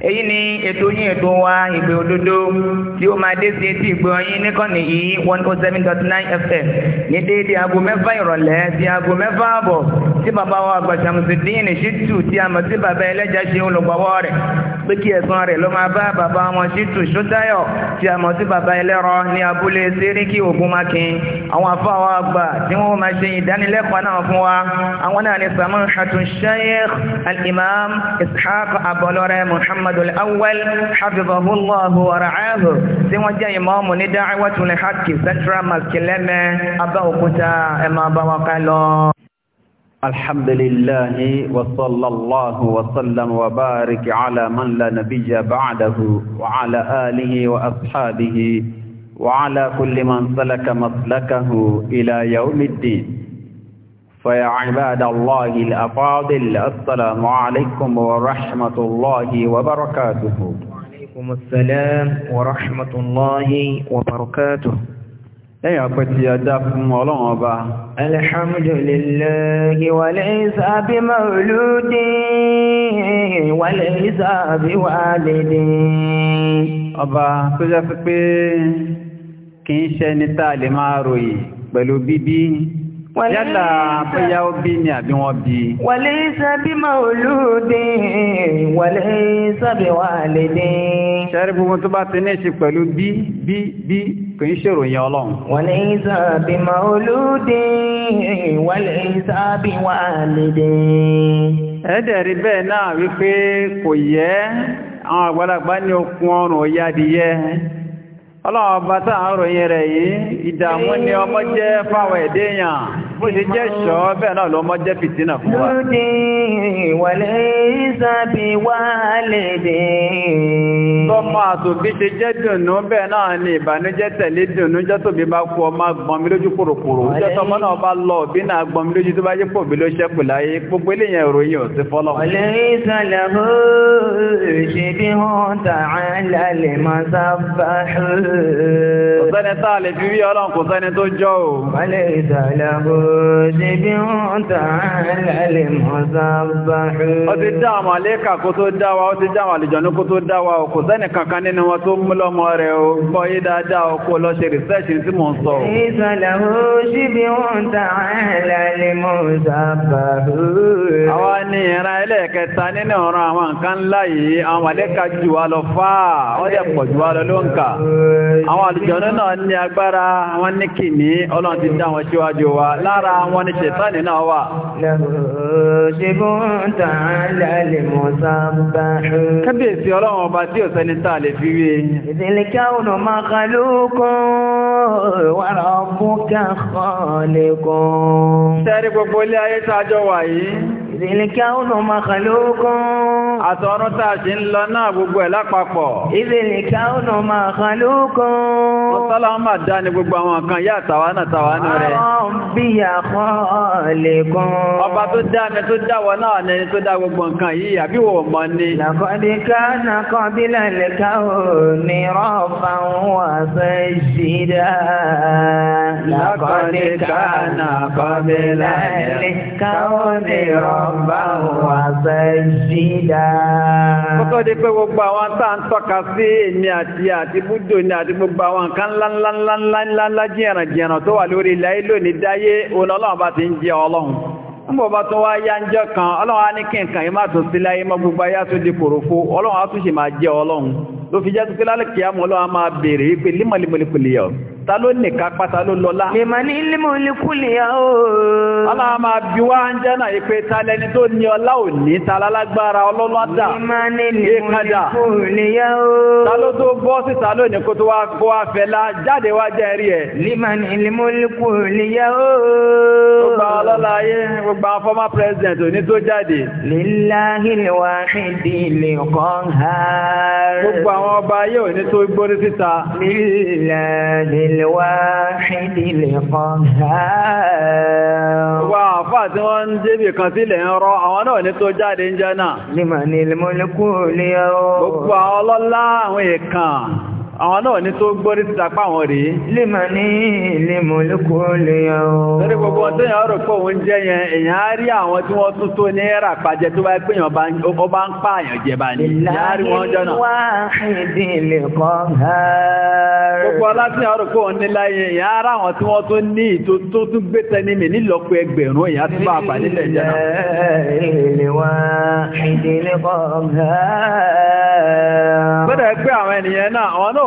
èyí ni ètò yín ètò wa ìgbé òdodo tí ó máa dé sí etí ìgbé ọyìn níkànnì yìí one oh seven dot nine fm ní déédéé aago mẹ́fà ìrọ̀lẹ́ sí aago mẹ́fà àbọ̀ tí bàbá wa Ṣàmùsídíìnì Ṣítù tí a mọ̀ sí bàbá ẹlẹ́jà ṣe olùgbọ́wọ́ rẹ̀ pé kí ẹ̀sán rẹ̀ ló máa bá bàbá wọn Ṣítù Ṣótáyọ̀ tí a mọ̀ sí bàbá ẹlẹ́rọ ní abúlé Séríkì Ògúnmákin àwọn afáwọn àgbà tí wọ́n máa ṣe ìdánilẹ́kọ̀ọ́ náà fún wa àwọn náà ni Samahatu Sheikh Al-Imam Ishaq Abọlọ́rẹ́ Muhammad muhammadu al-awwal hafizahu allahu wa ra'ahu tí wọ́n jẹ́ ìmáàmù ní da'watul haqq central mosque lẹ́mẹ́ abẹ́òkúta ẹ̀ máa bá wa ká lọ. الحمد لله وصلى الله وسلم وبارك على من لا نبي بعده وعلى آله وأصحابه وعلى كل من سلك مسلكه إلى يوم الدين ويا عباد الله الافاضل السلام عليكم ورحمه الله وبركاته وعليكم السلام ورحمه الله وبركاته اي اكوتي اداف مولوبا الحمد لله وليس بمولود وليس بوالد ابا سجفبي كين شيء نتا لماروي بلو بيبي yálà bóyá ó bí ni àbí wọ́n bí. wàlẹ́ sábì màlúùdì wàlẹ́ sábì wàlẹ́dì. sẹ́rí gbogbo tó bá ti ní ṣe pẹ̀lú bí bí bí kò ń ṣèròyìn ọlọ́run. wàlẹ́ sábì màlúùdì wàlẹ́ sábì wàlẹ́dì. ẹ̀ẹ́dẹ̀rí bẹ́ẹ̀ náà wípé kò yẹ àwọn àgbàlagbà ní okun ọrùn ó yá adìyẹ ọlọ́run ọba táà ń ròyìn rẹ̀ yìí ìdààmú ni ọmọ jẹ́ fáwọn èdè èèyàn bó ṣe jẹ́ ṣọ́ bẹ́ẹ̀ náà lọ́mọ jẹ́ fìtínà fún wa. lóde ìwọlé ìsàbí wà lédè. tọ́mọ àtòbí ṣe jẹ́ dùnú bẹ́ẹ̀ náà ni ìbànújẹ́ tẹ̀lé dùnú jọ́ tóbi bá kú ọmọ gbọ́n mi lójú kòròkòrò jọ́ tọmọ náà bá lọ òbí náà gbọ́n mi lójú tó bá yé pò bí ló ṣẹ́kù láyé gbogbo eléyàn ìròyìn ò sí fọ́lọ́. Ọ̀sẹ́ni tá lè fi rí ọlọ́run kò sẹ́ni tó jọ ò. Wálé ìdàlàbò ṣe bí wọ́n tàn lálẹ́ mọ́sábáhù. Ó ti dá àwọn àlékà kó tó dá wa, ó ti dá àwọn àlùjọ̀nú kó tó dá ò. Kò sẹ́ni kankan nínú wọn tó mú lọ́mọ rẹ̀ o. Gbọ́ yé dáadáa o, kó lọ ṣe rìsẹ́ẹ̀ṣì tí mò ń sọ. Ìdàlàbò ṣe bí wọ́n tàn lálẹ́ mọ́sábáhù. Àwa ni ìran ẹlẹ́ẹ̀kẹta nínú ọ̀ràn àwọn nǹkan ńlá yìí, àwọn àlékà jù wa lọ fáà, wọ́n dẹ̀ pọ̀ jù wa lọ ló ń kà. Àwọn àlùjọ̀nú náà ní agbára wọn ní kì ní ọlọ́run ti dá wọn síwájú wa lára wọn ni ṣẹ̀tánì náà wà. Kábíyèsí ọlọ́run ọba tí ò sẹ́ni tàà lè fi wé. Ìdílẹ̀ká ọ̀nà gbogbo ilé ayé tàjọ wà yìí ìzìlíkà ọ̀nà màkàlókún. àtọ̀run tá a ṣe ń lọ náà gbogbo ẹ̀ lápapọ̀. ìzìlíkà ọ̀nà màkàlókún. mọ́sálà máa dá ní gbogbo àwọn nǹkan yá àtàwọn náà tàwọn náà rẹ̀. àwọn bí àkọ́ lè kún. ọba tó dá mi tó dá wọn náà ní tó dá gbogbo nǹkan yìí àbí wọ́n mọ ni. làkọ́dé kánà kan bí lálẹ́ká ò ní rọ́ọ̀fà wà fẹ́ ṣídà. làkọ́dé kánà kan bí lálẹ́ká ò ní rọ́ọ̀fà rọ̀bá wà sẹ́jìdá. Kọ́tọ́ di pé gbogbo àwọn tá à ń tọ́ka sí èmi àti àti búdò ni àti gbogbo àwọn nǹkan ńláńláńláńláńlá jìyànà jìyànà tó wà lórí ilẹ̀ ayé lónìí dáyé òun ọlọ́run bá ti ń jẹ ọlọ́run. Ń bọ̀ bá tún wá yá ń jẹ́ kan, ọlọ́run á ní kí nǹkan yìí má tún sí láyé mọ́ gbogbo ayé tó di kòròfo, ọlọ́run á tún ṣe máa jẹ ọlọ́run. Ló jẹ́ tó kí lálẹ́ kìí ta ló nìka pátá ló lọ́lá. lèmọ̀ ní ilmù olùkúlì yàwó. ọlá máa bí wá ń jẹ́ náà ìpè talẹ́ni tó ní ọlá òní talalágbára ọlọ́lọ́dà. lèmọ̀ ní ilmù olùkúlì yàwó. ta ló tó bọ́ síta lónìí kó tó wá kó wá fẹ́ la jáde wá jẹ́ rí ẹ̀. lèmọ̀ ní ilmù olùkúlì yàwó. gbogbo ọlọ́lá ayé gbogbo àwọn fọ́mà pírẹsidẹ̀ntì òní tó jáde. lillahi alwahidi lqahhar. gbogbo àwọn ọba ayé òní tó gbórí síta. lillahi الواحد القهار وعفات وان جيبي كثير يرى وانا نتوجع لنجانا لمن الملك اليوم بقوة الله ويكا àwọn náà ní tó gbórí ti tapá àwọn rèé. lè mà ní ilé mọ̀lẹ́kọ̀ lè yàn ó. lórí gbogbo ọdún yẹn rò pé òun jẹ́ yẹn èèyàn á rí àwọn tí wọ́n tún tó ní rà pàjẹ́ tó bá pé yàn bá ń pa àyàn jẹ bá ní. ìlànà wọ́n tún náà.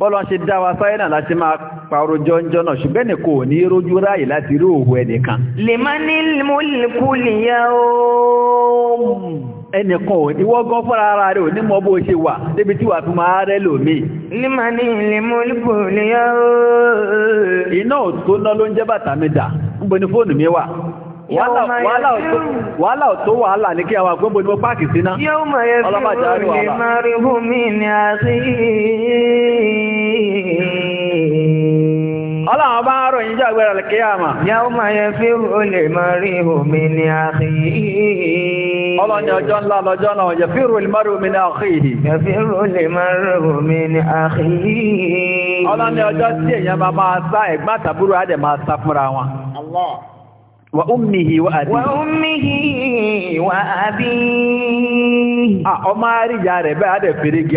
bọ́lọ́n ṣe dá wa sáyé náà láti máa pàrọ̀ jọ́njọ́ náà ṣùgbẹ́ nìkan ò ní rójú ráyè láti rí òhù ẹnìkan. ẹnìkan ò ní wọ́gán fúnra ara rẹ̀ ò ní mọ bó ṣe wà débi tí wàá fi máa rẹ́ lòmíì. lè má ní múlùkù nìyà ooo. iná ò ná ló ń jẹ́ bàtà mi dà níbo ni fóònù mi wà wàhálà tó wàhálà ní kí àwọn àgbẹ́bò ní páàkì síná ọlọ́pàá jẹ́ àríwá ọlọ́run bá ń ròyìn jẹ́ àgbẹ̀rẹ̀ kíyàmà. yàwó máa yẹ fí o lè máa rí omi ní àkì yìí. ọlọ́ni ọjọ́ ńlá lọ́jọ́ náà yẹ fí o lè máa rí omi ní àkì yìí. yẹ fí o lè máa rí omi ní àkì yìí. ọlọ́ni ọjọ́ tí èèyàn bá máa sá ẹ̀gbọ́n tàbúrò á máa sá fúnra wọn. wa ummihi wa abi. wa ummihi wa abi. Ah, ọmọ àríjà rẹ̀ bẹ́ẹ̀ á dẹ̀ fèrè gí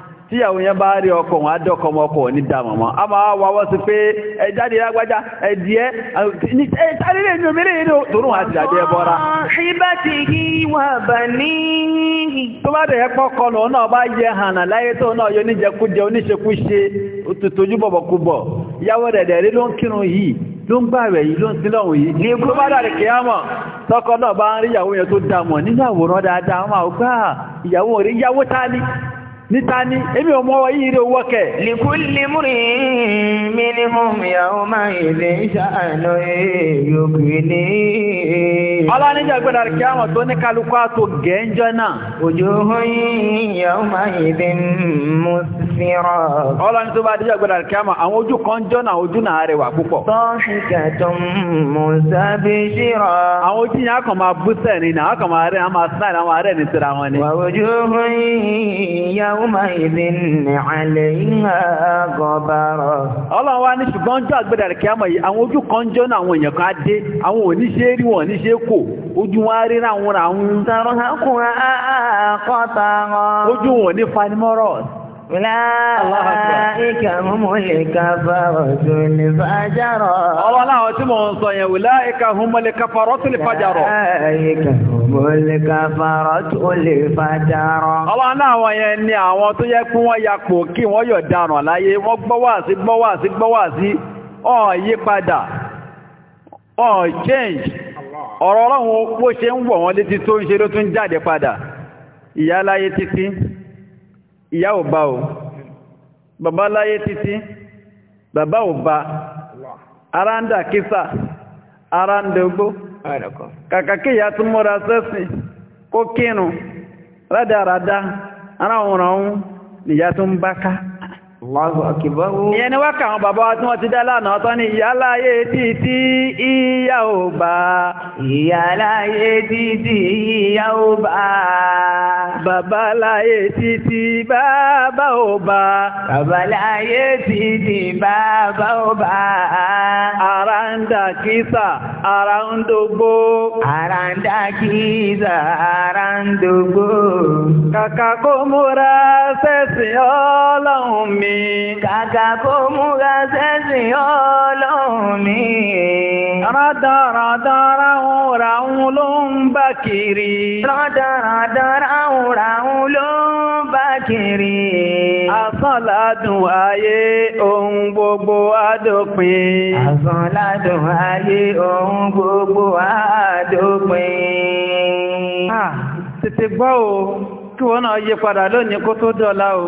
tí àwọn yẹn bá rí ọkọ̀ wọn adọ́kọ̀ ọmọkọ̀ ní dámọ̀mọ́ a máa wáwọ́ sí pé ẹjáde lágbájá ẹ̀dìẹ́ ẹ̀tàrílẹ̀ inú mẹ́rẹ̀ inú torún àti àjẹ́ ẹbọ́ra tó bá dẹ̀ ẹpọ́ kọlù náà bá yẹ hànà láyé tó ló ń kírun yìí ló ń gbààwẹ̀ yìí yìí ní ikú bá dàrí kìí àmọ̀ tọkọ náà bá ń rí ìyàwó yẹn tó dámọ̀ nínú àwòrán dáadáa wọn àwògbà ah, ìyàwó rí yáwó tá ní níta ni èmi ò mọ́ yìí rí owó kẹ. lìkúlì múrí minimum yàwó máa ilé ìṣàánú èyòkì ní. ọlọ́níjà gbọ́dọ̀ kí àwọn tó ní kálukú àtò gẹ́ńjọ́ náà. òjò hóyìn yàwó máa ilé mú síra. ọlọ́ní tó bá díjà gbọ́dọ̀ kí àwọn ojú kan jọ́ ojú náà rẹwà púpọ̀. àwọn ojú yẹn a kàn máa bú sẹ́ni náà a kàn máa rẹ̀ a máa sáì يومئذ عليها ọlọ́run wá ní ṣùgbọ́n jọ àgbẹ̀dà rẹ̀ kí a mọ̀ yìí àwọn ojú kan jọ náà àwọn èèyàn kan dé àwọn ṣe rí wọn ní ṣe kò ojú wọn rí ráhùn ráhùn. tàrọ̀ wọn. ojú wọn Wùláìkà múmúlẹ̀ká fàrọ̀tù sọ ni àwọn tó yẹ kí wọ́n ya kò kí wọ́n yọ̀ dànù láyé, wọ́n gbọ́wàsí gbọ́wàsí gbọ́wàsí, yí padà, change. Ọ̀rọ̀ ọlọ́run ó ṣe ń wọ̀ wọ́n létí tó ń ṣe ló tún jáde padà. Ìyá ìyá ò bá o bàbá láyé títí ara ń ara ń dẹ̀gbó kàkà ìyá tún múra sẹ́sìn kó ara òun ràn òun tún bá ká Allahu akbar. Ìyẹn ni wákà àwọn bàbá wa tí wọ́n ti dá lánàá tán ní ìyáláyé títí ìyá ò bá. Ìyáláyé títí ìyá ò bá. Babaláyé títí bàbá ò bá. Babaláyé títí bàbá ò bá. Ara ń dà kísà, ara ń dògbò. Ara ń dà kísà, ara ń dògbò. Kàkà kó múra sẹ́sìn ọlọ́run mi. Kàkà kó múra sẹ́sìn ọlọ́run mi. Rádaràdá ráhùn ráhùn ló ń bá kiri. Rádaràdá ráhùn ráhùn ló ń bá kiri. Àsánládùn ayé ohun gbogbo adópin. Àsánládùn ayé ohun gbogbo adópin. Ah, tètè gbọ́ o, kí wọ́n náà yí padà lónìí kó tó dọ́lá o.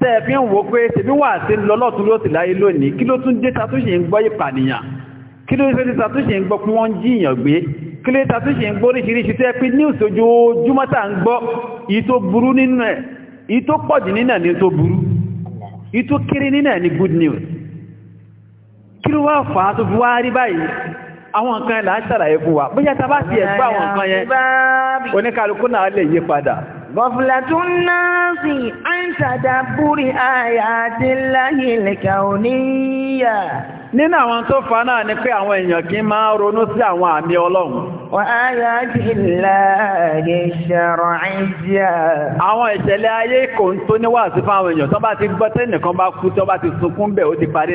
tẹ́ẹ̀fí ń wò pé tèmi wà sí lọ́lọ́tún ló sì láyé lónìí kí ló tún dé tatúṣe ń gbọ́ ìpànìyàn kí ló tún dé tatúṣe ń gbọ́ pé wọ́n ń jíyàn gbé kí ló tatúṣe ń gbọ́ oríṣiríṣi tẹ́ pé ní ìṣojoojúmọ́ tà ń gbọ́ èyí tó burú nínú ẹ̀ tó nínú ẹ̀ tó burú good news ta bá ti ẹ̀ gbọ́ àwọn nǹkan yẹn náà lè yí padà غفلة الناس عن تدبر آيات الله الكونية nínú àwọn tó fa náà ni pé àwọn èèyàn kí máa ronú sí àwọn àmì ọlọ́run. wa ayatil lahi shar'iyya. àwọn ìṣẹ̀lẹ̀ ayé kò ń tó níwà sí fáwọn èèyàn tó bá ti gbọ́ tẹ́nìkan bá kú tó bá ti sunkún bẹ̀ ó ti parí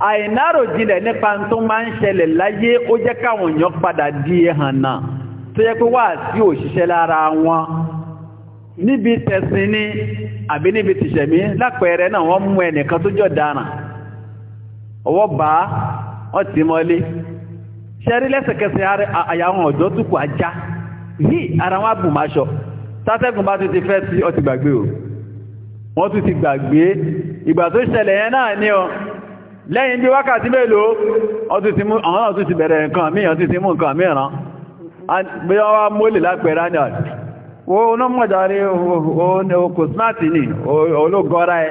àìnáròjinlẹ̀ nípa tó máa ń ṣẹlẹ̀ láyé ó jẹ́ káwọn èèyàn padà di ẹ̀hànà tó yẹ pé wà sí òṣìṣẹ́ lára wọn níbi tẹ̀sìn ní àbí níbi tìṣẹ̀mí lápẹẹrẹ náà wọ́n mú ẹnìkan tó jọ dáràn ọwọ́ bá wọ́n ti mọ́lé ṣẹ́rí lẹ́sẹ̀kẹsẹ̀ ọ̀dọ́ túkù ajá yí ara wọn bù máṣọ bá ti fẹ́ o wọ́n tún ti gbàgbé ìgbà tó ṣẹlẹ̀ yẹn ọ lẹ́yìn bí wákàtí mélòó àwọn ti bẹ̀rẹ̀ nǹkan mí ọ̀tún ti mú nǹkan mìíràn bí wọ́n mólè lápẹ̀ẹ́rá ní ọ̀dí náà mọ̀já rí ní ní ológọ́ra ẹ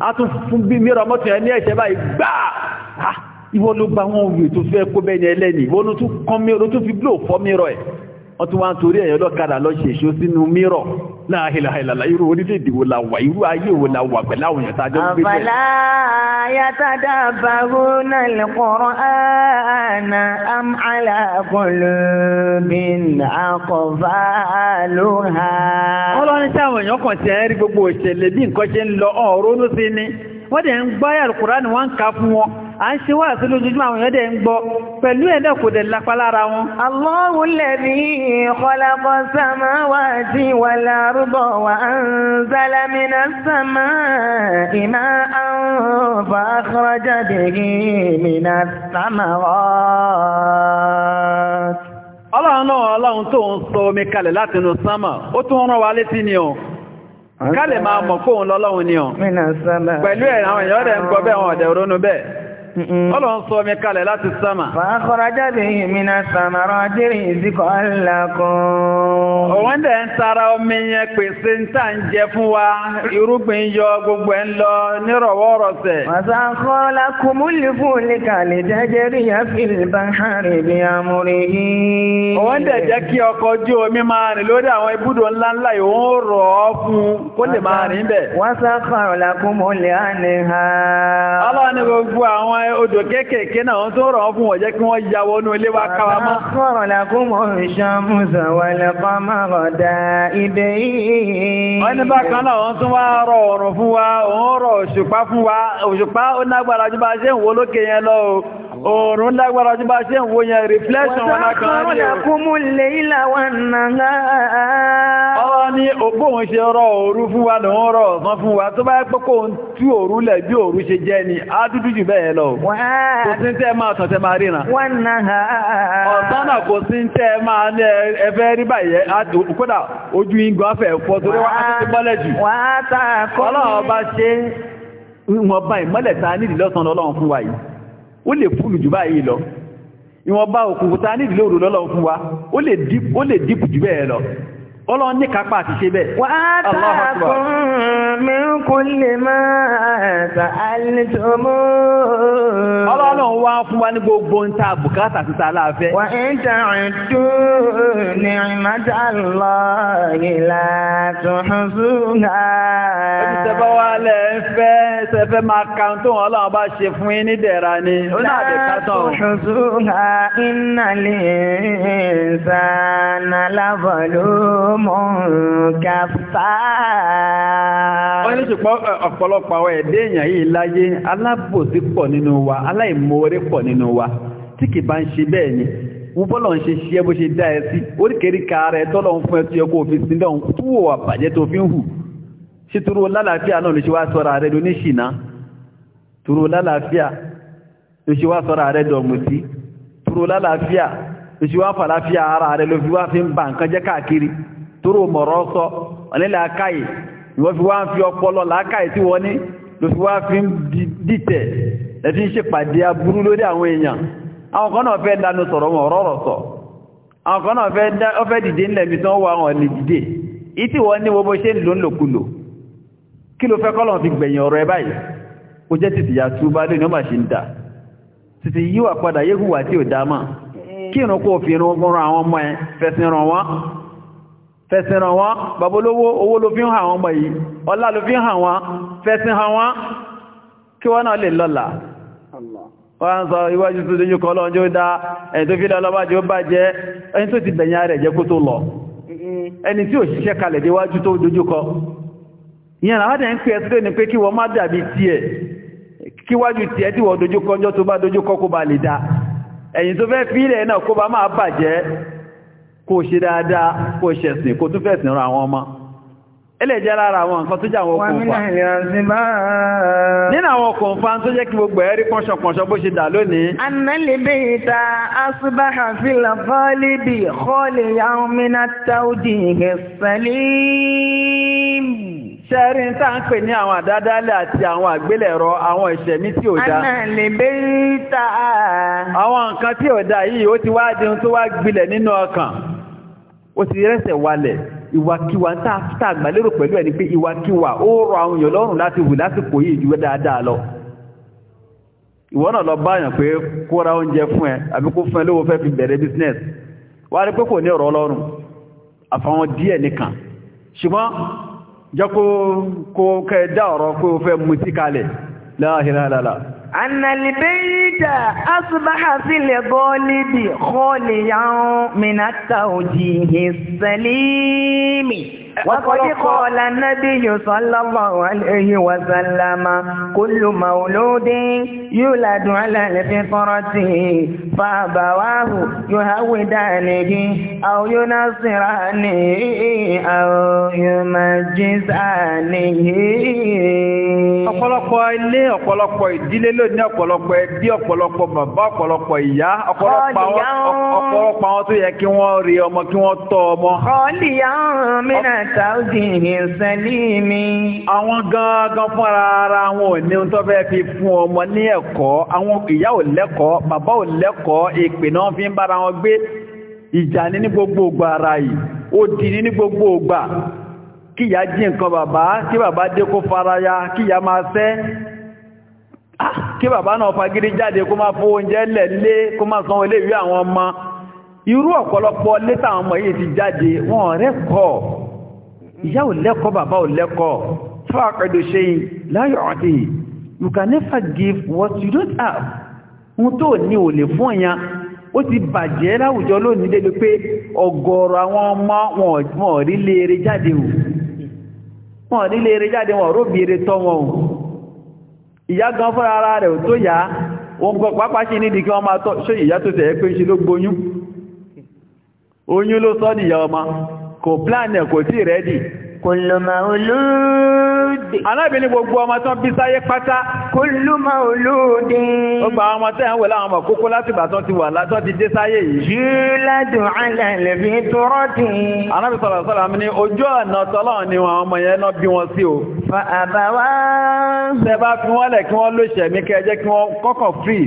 a tún fún bí mìíràn mọ́tò ẹ̀ ní ẹ̀ṣẹ́ báyìí gbáà ìwọ ló gba wọn òwe tó fẹ́ kó bẹ́ẹ̀ ni ẹlẹ́ni ìwọ ló tún mìíràn tó fi blóò fọ́ mìíràn ẹ̀ wọ́n tún wá ń torí ẹ̀yọ́ lọ́kadà lọ ṣèṣó sínú mírọ̀ láàhìláhìláhìlá irú orílẹ̀-èdè wo la wà irú ayé wo la wà pẹ̀lú àwọn èèyàn tá gbé bẹ́ẹ̀. àbàlá yàtàdà bàrú náà lè kọ́rọ́ àná am aláàkọlù mi àkọ́fà ló ha. wọ́n lọ èèyàn kan ti ẹ̀ rí gbogbo òṣèlè bí nǹkan ṣe ń lọ ọ̀rọ̀ ló sí ni wọ́n dẹ̀ ń gbọ́ Al-Kùránì wọ́n ń ka fún wọn a ń ṣe wáàsí lójoojúmọ́ àwọn èèyàn dẹ̀ ń gbọ́ pẹ̀lú ẹ̀dẹ̀ kò dẹ̀ lápá lára wọn. Allahu alladhi khalaqa samawati wal arda wa anzala minas samaa'i ń sọ omi kalẹ̀ kálẹ̀ máa mọ̀ fóun lọ́lọ́run ni ọ̀ pẹ̀lú ẹ̀rọ àwọn èèyàn rẹ̀ ń gbọ́ bẹ́ẹ̀ wọn ọ̀dẹ̀ ronú bẹ́ẹ̀ Ọlọ́run sọ mi kalẹ̀ láti sámà. Fàákọ́rọ́já bí i sàmàrà jírí ìsìnkọ́ alákan. Òun dẹ̀ ń tara omi yẹn pèsè ń tà ń jẹ fún wa, irúgbìn yọ gbogbo ẹ̀ ń lọ nírọ̀wọ́rọ̀sẹ̀. Màsàkọ́lá kùmúlì fún olíkàlẹ̀ jẹ́jẹ́ rí àfihàn bá ń hàrì bí amúrí yìí. Òun dẹ̀ jẹ́ kí ọkọ̀ ojú omi máa rìn lórí àwọn ibùdó ńláńlá ìhún rọ̀ odò kéékèèké náà wọ́n tó rọ̀ fún ọ̀jẹ́ kí wọ́n ya wọnú ilé wá káwa mọ́. kọ́rọ̀ la kó mọ̀ wà lẹ́kọ́ máa rọ̀ dá ibè yìí. wọ́n ní bákan náà wọ́n tún wá rọ̀ ọ̀rùn fún wa òun rọ̀ òṣùpá fún wa òṣùpá ó lágbára ju bá ṣe ń wo lókè yẹn lọ o kò sí tẹ́ máa tàn tẹ́ máa ríran ọ̀sán náà kò sí tẹ́ máa ní ẹfẹ́ rí báyẹ̀ kódà ojú ingo afẹ́ ẹ̀fọ́ torí wá ti bọ́lẹ̀ jù ọlọ́run bá ṣe ìwọ̀n bá ìmọ́lẹ̀ ta nídìí lọ́sàn ọlọ́run fún wa yìí ó lè fúlù jù báyìí lọ ìwọ̀n bá òkùnkùn ta nídìí lóòrùn lọ́lọ́run fún wa ó lè dípù jù bẹ́ẹ̀ lọ ọlọ́run ní kápá àti ṣe bẹ́ẹ̀. wà á tààkùn mi kú lè máa sàálìtòmó. ọlọ́run wá fún wa ní gbogbo ń ta bùkátà títa aláàfẹ́. wà á tààdù ní ìmájà lọ ìlà tòhùnsúnà. ìṣẹ̀fẹ́ wa lẹ̀ ń fẹ́ ṣẹ̀fẹ́ máa ka tó wọn ọlọ́run bá ṣe fún yín ní dẹ̀ra ni. ó náà lè ká tán o. tòhùnsúnà iná lè sàn án lábọ̀ lóò mọ̀nkàfà. wọ́n ní ṣùpọ̀ ọ̀pọ̀lọpọ̀ àwọn ń ṣe ṣe ṣe ṣe dá ẹ sí oríkèríkà rẹ̀ tọ́lọ̀ ń fún ẹ tó yẹ kó fi sílẹ̀ ń tú wò tó fi ń hù ṣe turu lálàáfíà náà ló ṣe wá sọ́ra rẹ̀ ló ṣe wá sọ́ra lálàáfíà ló ṣe wá fàlàáfíà ara tóró mọ̀rọ̀ sọ ọ̀nílẹ̀ akáyì ìwọ́n fi wá ń fi ọpọlọ làákàyè tí wọ́n ní ló fi wá fi ń dìtẹ̀ lẹ́fí ń ṣèpàdé aburú lórí àwọn èèyàn àwọn kan náà fẹ́ dánú sọ̀rọ̀ wọn ọ̀rọ̀ sọ àwọn kan náà fẹ́ dìde ńlẹ̀ mi tán wà wọn lè dìde ìtì wọ́n ní gbogbo ṣe ń lò ń lòkulò kí ló fẹ́ kọ́lọ̀ fi gbẹ̀yìn ọ̀rọ̀ ẹ báyìí ó jẹ́ títì yà tú bá lónìí ó mà ṣe ń dà títì yíwà padà yéhùwà tí ò dá kí ìrùn kó fi irun àwọn ọmọ ẹ fẹsìn ràn wọ́n fẹ̀sìnràn wọn babolówó owó ló fi ń hàn wọn báyìí ọlá ló fi ń hàn wọn fẹ̀sìn hàn wọn kí wọ́n náà lè lọ́lá wọ́n sọ iwájú tó dojú kọ́ lọ́njọ́ dá ẹni tó fi lọ́lọ́bájọ́ bá jẹ́ ẹni tó ti bẹ̀yàn ni pé kí wọ́n má dàbí tiẹ̀ kí wájú tiẹ̀ tí wọ́n dojú kọjọ́ tó bá dojú kọ kó ẹ̀yìn tó fẹ́ fílẹ̀ náà kó ba máa bàjẹ́ kó ṣe dáadáa kó ṣẹ̀sìn kó tún fẹ̀sìn rán àwọn ọmọ ẹlẹ́jẹ́ lára àwọn nǹkan tó jẹ́ àwọn okùnfà nínú àwọn okùnfà tó jẹ́ kí gbogbo ẹ̀rí pọ́nṣọpọ́nṣọ bó ṣe dà lónìí. ṣẹ́rí tá ń pè ní àwọn àdádálẹ̀ àti àwọn àgbélẹ̀rọ àwọn ìṣẹ̀mí tí ò dá. àwọn nǹkan tí ò dá yìí ó ti wá di tó wá gbilẹ̀ nínú ọkàn ó ti rẹ́sẹ̀ walẹ̀ ìwàkiwà tá àgbàlérò pẹ̀lú ẹni pé ìwàkiwà ó rọ àwọn èèyàn lọ́rùn láti wù lásìkò yìí ju dáadáa lọ ìwọ náà lọ báyàn pé kó ra oúnjẹ fún ẹ àbí kó fún ẹ lówó fẹ́ fi bẹ̀rẹ̀ business wà rí pé kò ní ọ̀rọ̀ ọlọ́run àfàwọn díẹ̀ nìkan ṣùgbọ́n jẹ́ kó kẹ́ dá ọ̀rọ̀ pé ó fẹ́ mutí kalẹ̀ láàrínláàrínláà أن البيت أصبح في الغالب خاليا من التوجيه السليم وقد قال النبي صلى الله عليه وسلم كل مولود يولد على الفطرة فأبواه يهودانه أو ينصرانه أو يمجسانه ọ̀pọ̀lọpọ̀ ilé ọ̀pọ̀lọpọ̀ ìdílé lónìí ọ̀pọ̀lọpọ̀ ẹbí ọ̀pọ̀lọpọ̀ bàbá ọ̀pọ̀lọpọ̀ ìyá ọ̀pọ̀lọpọ̀ àwọn tó yẹ kí wọ́n rí ọmọ kí wọ́n tọ́ ọmọ. kọ́ọ̀lì yàrá mìíràn sáúdìhì sẹ́líìmì. Àwọn gangan fúnra ara wọn ò ní tó fẹ́ fi fún ọmọ ní ẹ̀kọ́, àwọn ìyá ò lẹ́kọ̀ọ́, bàbá ò lẹ́kọ̀ọ́, èpè náà fi ń bára wọn gbé. Ìjà ní ní gbogbo ògbà ara yìí, ó di ní ní gbogbo ògbà. Kíyà jí nǹkan bàbá, kí bàbá dé kó faraya, kíyà máa sẹ́ ah, kí bàbá náà fagídí jáde kó máa fún oúnjẹ lẹ́lé kó máa san ilé ìwé àwọn ọmọ irú ọ̀pọ̀lọpọ̀ létà ọmọ yìí ti jáde wọ́n rẹ́kọ̀ọ́ ìyá ò lẹ́kọ́ bàbá ò lẹ́kọ́ fáàkẹ́dò ṣe láyọ̀ àti you can never give what you don't have ohun tó ní ò lè fún ẹ̀yà ó ti bàjẹ́ láwùjọ lónìí débi pé ọ̀gọ̀ọ̀rọ̀ àwọn ọmọ wọn rí léèrè jáde o wọn rí léèrè jáde wọn róbìire tọ́ wọn o ìyá gan fúnra ara rẹ̀ tó yá òun gbọ́ pápá sí nídìí kí wọ́n máa tọ́ ṣé ìyá tó tẹ̀ pé ń ṣe ló gboyún oyún ló sọ́ nìyá ọmọ kò plan ẹ̀ kò tíì rẹ́dì kòlùmà olóòdì alábìnrin gbogbo ọmọ tán bí sáyé pátá kòlùmà olóòdì ó gba ọmọ tẹ́ ń wẹ̀ láwọn ọmọ kókó láti ìgbà tán ti wà látọ́ ti dé sáyé yìí jùládùn alẹ́lẹ́bí tọrọ dì alábì sọ̀rọ̀ sọ̀rọ̀ mi ní ojú ọ̀nà tọ́lọ́run ni wọn ọmọ yẹn náà bí wọn sí o fa àbáwá tẹ bá fi wọn lẹ̀ kí wọ́n lóṣẹ̀mí kẹjẹ́ kí wọ́n kọ́kàn free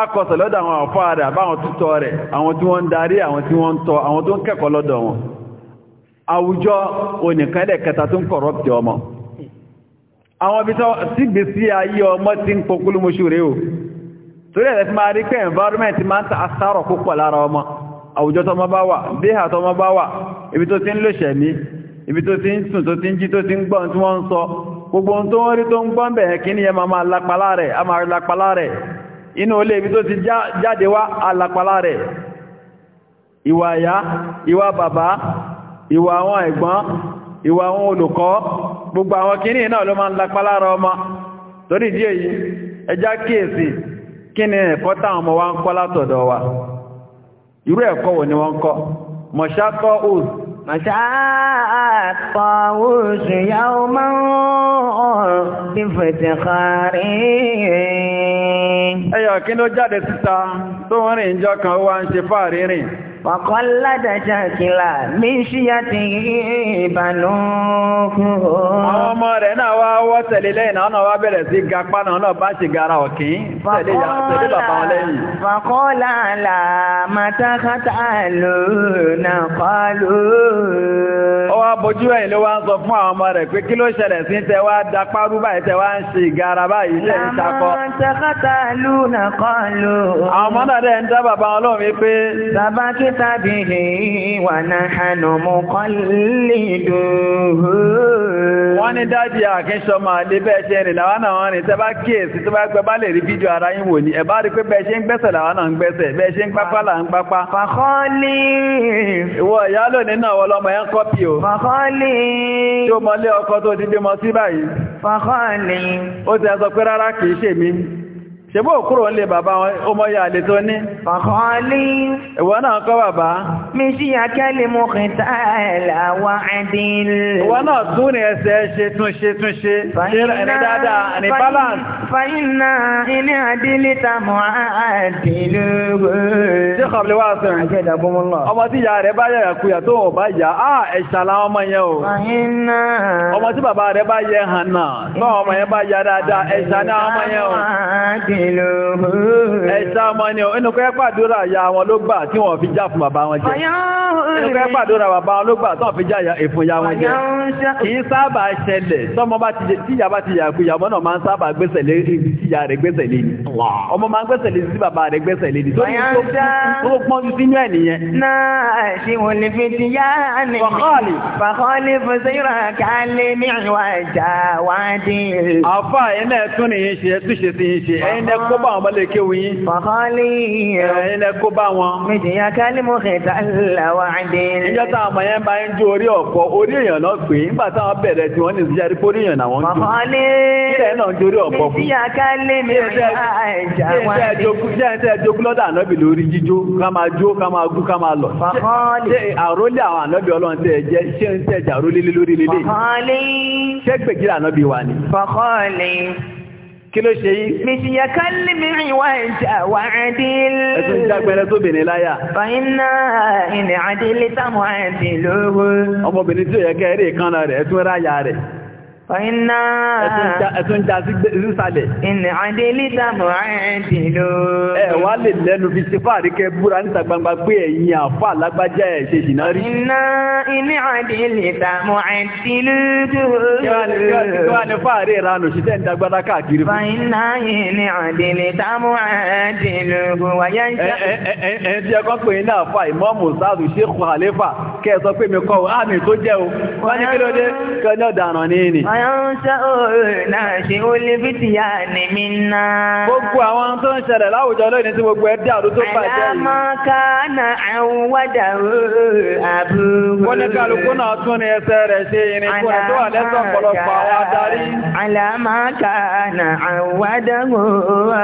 akọ̀sọ̀ lọ́dọ̀ àwọn àfáà rẹ̀ àbáwọn tútọ́ rẹ̀ àwọn tí wọ́n ń darí àwọn tí wọ́n ń tọ́ àwọn tó ń kẹ́kọ̀ọ́ lọ́dọ̀ wọn àwùjọ onìkanlẹ̀ kẹta tó ń kọ̀rọ̀pì ọmọ àwọn ibi tí gbèsè ayé ọmọ ti ń pokúlùmọ́ṣù rẹ̀ o torí ẹ̀rẹ́ fi máa rí pé environment máa ń ta asárọ̀ púpọ̀ lára ọmọ àwùjọ tọmọ inú olè ibi tó ti jáde wá alàpàlá rẹ̀ ìwà ìyá ìwà bàbá ìwà àwọn ẹ̀gbọ́n ìwà àwọn olùkọ́ gbogbo àwọn kìíní náà ló máa ń lapálára ọmọ torí díẹ̀ yìí ẹjá kíyèsí kí ni ẹ̀kọ́ táwọn ọmọ wa ń kọ́ látọ̀dọ̀ ẹyọ̀ kí ló jáde síta tó ń rìn jọ kan ó wá ń ṣe fáàrí rìn وقلد شكلا من شيته بنوكم àwọn ọmọ rẹ̀ náà wá wọ́ tẹ̀lé lẹ́yìn náà wá bẹ̀rẹ̀ sí gapá náà náà bá ṣe gara ọ̀kín tẹ̀lé bàbá wọn lẹ́yìn. فقال لما تقتلون قالوا. ó wá bojú ẹ̀yìn ló wá ń sọ fún àwọn ọmọ rẹ̀ نقتده ونحن مقلدوه wọ́n ní dájí àkínṣọ́ máa lé bẹ́ẹ̀ ṣe rìn làwọn náà rìn tẹ́ bá kíyèsí tó bá gbẹ́ bá lè rí fídíò ara yín wò ní ẹ̀bá rí pé bẹ́ẹ̀ ṣe ń gbẹ́sẹ̀ làwọn náà ń gbẹ́sẹ̀ bẹ́ẹ̀ ṣe ń pápá là ń pápá. fàkọ́lì ṣebó kúrò ń lè bàbá ọmọ ya lè tó ní. Fàkọ́lí. Ìwọ náà kọ́ bàbá. Mi ṣí akẹ́lẹ̀ mú kìtà ẹ̀láwà ẹ̀dín. Ìwọ náà tún ní ẹsẹ̀ ṣe tún ṣe tún ṣe. Ní dáadáa, ní balance. Fàyínà ilé àdílé ta mọ́ àdìlú. Ṣé o. Fàyínà. Ọmọ tí bàbá rẹ̀ bá yẹ hàn náà. Tọ́ ọmọ yẹn bá yà dáadáa ẹ̀ṣà o ìlúhù. Ẹ̀ṣá ọmọ ni inú kẹ́ pàdúrà ya wọn ló gbà tí wọ́n fi já fún bàbá wọn jẹ. Inú kẹ́ pàdúrà bàbá wọn ló gbà tí wọ́n fi já ìfún ya wọn jẹ. Kì í sábà ṣẹlẹ̀ tọ́mọ bá ti tíyà bá ti yàgbé ìyàwó náà máa ń sábà gbẹ́sẹ̀ lé ibi tíyà rẹ̀ gbẹ́sẹ̀ lé ni. Ọmọ máa ń gbẹ́sẹ̀ lé sí bàbá rẹ̀ gbẹ́sẹ̀ lé ni. Torí tó pọ́n ju sínú ẹ̀ nìyẹn. Náà ṣe wọ́n lè fi ti yá ni. Fàkọ́ọ̀lì. Fàkọ́ọ̀lì fún síra kálé ní ìwà ìjà wádìí. Àfáà yẹn náà tún nìyí ṣe túṣe sí yìí ṣe. Ẹyin ẹkó bá wọn lè kéwù yín. fàkọ́lì ẹ̀yìn ẹkó bá wọn. mìtìyà kálímù kẹta làwọn àdé. ìjọ táwọn ọmọ yẹn bá ń jó orí ọ̀pọ̀ orí èèyàn náà pé nígbà táwọn bẹ̀rẹ̀ tí wọ́n ní ìṣiṣẹ́ rí pórí èèyàn àwọn jù. fàkọ́lì ilẹ̀ náà ń jó orí ọ̀pọ̀ fún. mìtìyà kálímù kẹta wà dé. ṣé ẹ tẹ́ jogún lọ́dọ̀ ànábì lórí jíjó ká máa jó ká máa gú ká máa lọ. fàkọ́lì kí ló ṣe yí. mìtìyà kan lè mìíràn wá ìjà wà àdìl. ẹ̀sùn ìjàgbẹ́rẹ́ tó bèèrè láyà. fàyínà ìnì àdìl táwọn àdìl lówó. ọmọbìnrin tí ò yẹ kẹ́ ẹ̀rí ìkànnà rẹ̀ ẹ̀tún ráyà rẹ̀. Ọ̀iná ẹ̀tún já sí ìsàlẹ̀. Ìnà àdélítà mọ̀rẹ́dìlò. Ẹ wá lè lẹ́nu fi ṣe fáàrí kẹ búra níta gbangba pé ẹ̀yin àfà lágbájá ẹ̀ ṣe ṣìná rí. Iná ilé àdélítà mọ̀rẹ́dìlò. Kí wá ní fáàrí ìranù ṣiṣẹ́ ìdágbádá káàkiri fún? Ìná ilé àdélítà mọ̀rẹ́dìlò. Ẹ ti ẹkọ́ pé iná àfà ìmọ̀mù sáàdù ṣe kọ̀ àléfà kẹ́ sọ pé mi kọ́ àmì tó jẹ́ o. Wọ́n ní kí ló dé? Kọ́ ní ọ̀daràn ní ìní. Gbogbo àwọn tó ń ṣẹlẹ̀ láwùjọ tí gbogbo àrú tó bàjẹ́ yìí. na Wọ́n ní kálukú náà tún ní ẹsẹ̀ rẹ̀ ṣe irin ẹ̀ tó wà lẹ́sọ̀ àwọn adarí. na àwọn wádà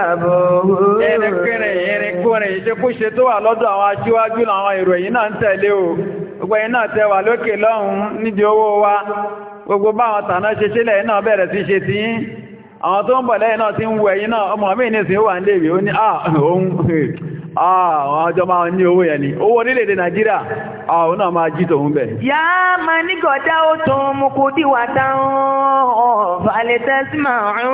àbúrú. Ẹnikẹ́rin tó wà lọ́dọ̀ àwọn aṣíwájú ìròyìn náà ń tẹ̀lé o. Gbogbo gbogbo báwọn tànà ṣe sílẹ̀ náà bẹ̀rẹ̀ sí ṣe ti yín àwọn tó ń bọ̀ lẹ́yìn náà ti ń wẹ̀ yín náà ọmọ mí ní sí wà ń léèwé ó ní ah, ah, àwọn ọjọ́ máa ní owó yẹn ni owó orílẹ̀-èdè Nàìjíríà àwọn náà máa jí tòun bẹ̀. yá ma ní gọ̀dá ó tún mú kú díwà táwọn ọ̀fàlẹ̀ tẹ́sí máa ń.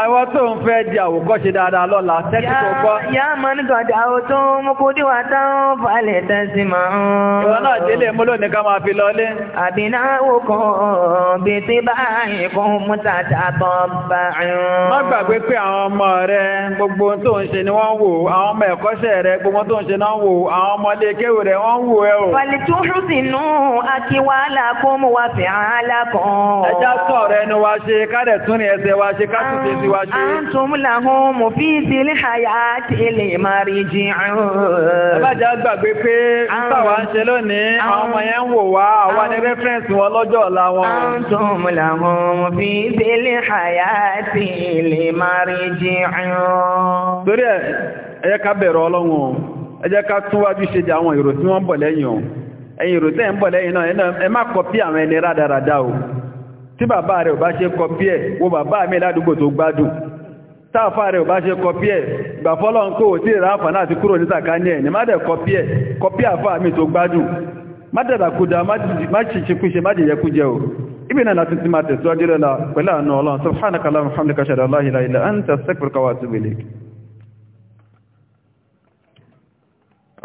àwọn tó ń fẹ́ di àwòkọ́ṣe dáadáa lọ́la tẹ́sí tó gbọ́. yá ma ní gọ̀dá ó tún mú kú díwà táwọn ọ̀fàlẹ̀ tẹ́sí máa ń. ìwọ náà délé mú lónìí ká máa fi lọlé. àbínáwó kan bíi báyìí kún mú tàtà bọ́ bá ń. má gbàgbé pé àwọn ọmọ rẹ gbogbo tó ń ṣe ni wọ́n wò àwọn ọmọ ẹ̀kọ́ṣẹ́ rẹ gbogbo tó ń ṣe náà wò àwọn ọmọ ilé kéwù rẹ wọ́n wò ẹ o. Fàlìtúrú sínú akíwálà kó mú wa fi àálà kan. Ẹja sọ̀rọ̀ ẹnu wa ṣe kádẹ̀ tún ní ẹsẹ̀ wa ṣe kásùté sí wa ṣe. À ń tún làhún mú fi ìsìlẹ̀ àyà tí lè máa rí Ẹbájá gbàgbé pé ń tàwa ń ṣe lónìí, àwọn ọmọ yẹn ń wò wá, àwa ni rẹ́fẹ́rẹ́nsì wọn lọ́jọ́ ọ̀la wọn. À ń tún làhún mú fi ìsìlẹ̀ àyà tí lè máa rí Torí ẹ̀ ẹ̀yẹ ká bẹ̀rẹ̀ ọlọ́run ẹ jẹ́ ká túwájú ṣe di àwọn èrò tí wọ́n bọ̀ lẹ́yìn o ẹ̀yìn èrò tẹ́ ń bọ̀ lẹ́yìn náà ẹ má kọpí àwọn ẹni rádaràdá o tí bàbá rẹ̀ ò bá ṣe kọpí ẹ̀ wo bàbá mi ládùúgbò tó gbádùn táàfà rẹ̀ ò bá ṣe kọpí ẹ̀ gbà fọ́lọ́ ń kó òtí ìráfà náà ti kúrò ní sàkání ẹ̀ ní má dẹ̀ kọpí ẹ̀ kọpí àfà mi tó gbádùn o ibi náà láti ti máa tẹ̀síwájú lọ́la pẹ̀lú àánú subhanaka allahumma hamdika shada allah ilaha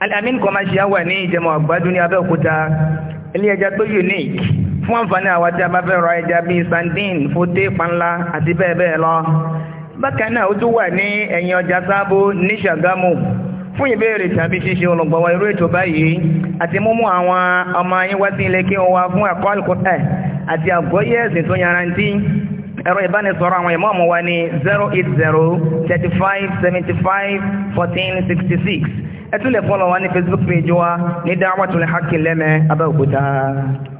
alamin commercial wà ní ìjẹmọ̀ àgbàdún ní abẹ́òkúta ilé ẹja tó unique fún àǹfààní àwọn tí a bá fẹ́ ra ẹja bíi sandin fóté panla àti bẹ́ẹ̀ bẹ́ẹ̀ lọ bákan náà ó tún wà ní ẹ̀yìn ọjà sábó ní ṣàgámù fún ìbéèrè tàbí ṣíṣe olùgbọ̀wọ́ irú ètò báyìí àti múmú àwọn ọmọ yín sí ilé kí wọ́n wá fún ẹ̀kọ́ àti àgbọ́yé ẹ̀sìn tó yarantí ẹ̀rọ ìbánisọ̀rọ̀ àwọn ìmọ̀ọ̀mù wa ní zero eight zero thirty five seventy five fourteen sixty six ẹ tún lè fọ́lọ̀ wa ní Facebook page wa ní Da'watul Haqqi Lẹ́mẹ̀ Abẹ́òkúta.